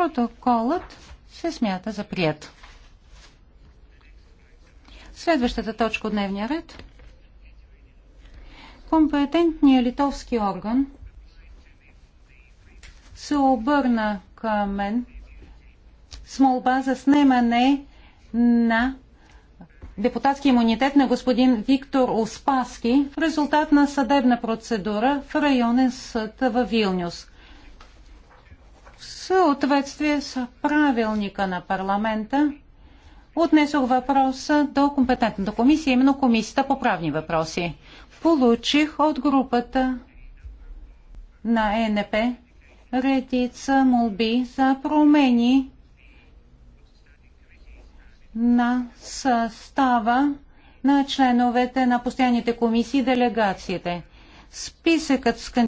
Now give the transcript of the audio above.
Протоколът се смята за прият. Следващата точка от дневния ред. Компетентният литовски орган се обърна към мен с молба за снемане на депутатски имунитет на господин Виктор Успаски в резултат на съдебна процедура в районен съд в Вилнюс в съответствие с правилника на парламента отнесох въпроса до компетентната комисия, именно комисията по правни въпроси. Получих от групата на ЕНП редица молби за промени на състава на членовете на постоянните комисии и делегациите. Списъкът с